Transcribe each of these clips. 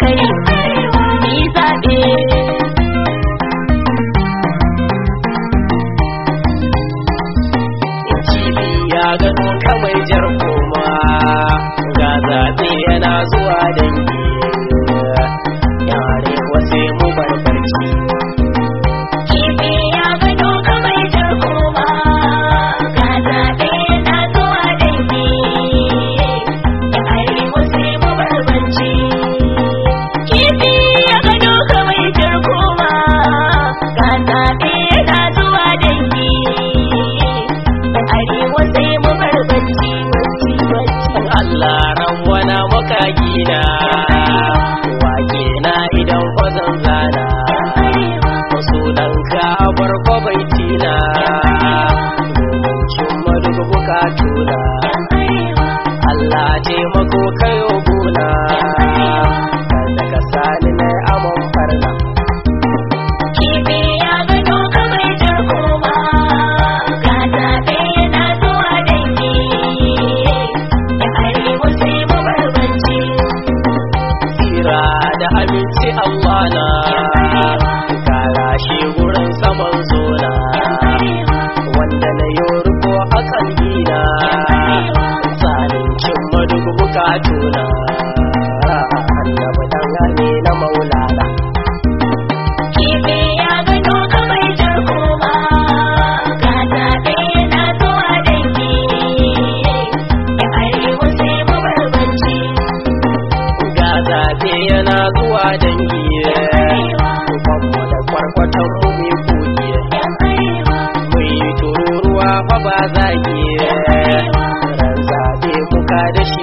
kai yi zaɓe ya gano kawai jar koma ga zaɓe yana zuwa da ran wana gida maula ah, annabi na maulana ya gano kamar jarkoma ga yana zuwa dangi ya yana zuwa dangi da kwarkwatan mu tururuwa fa ba zagi. da shi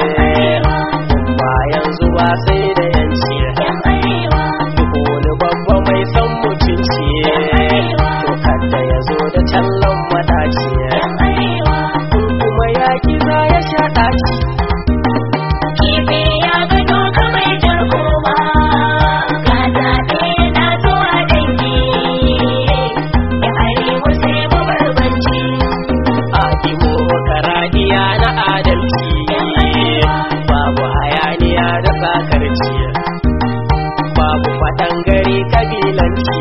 Katangari kabilanci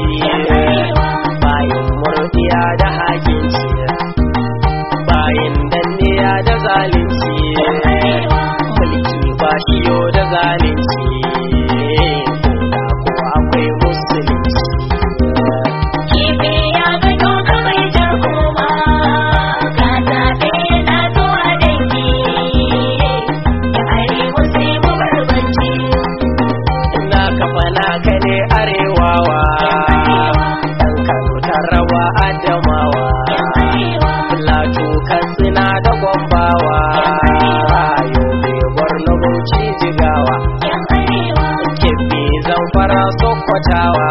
kyautatawa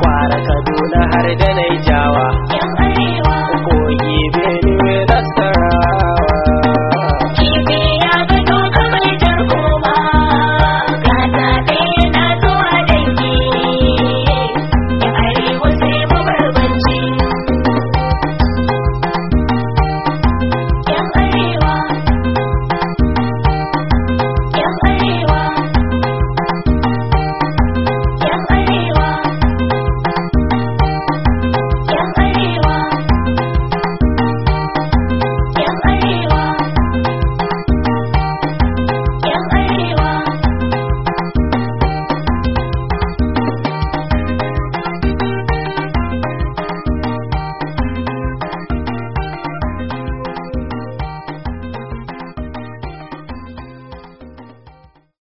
kwara kaduna har da na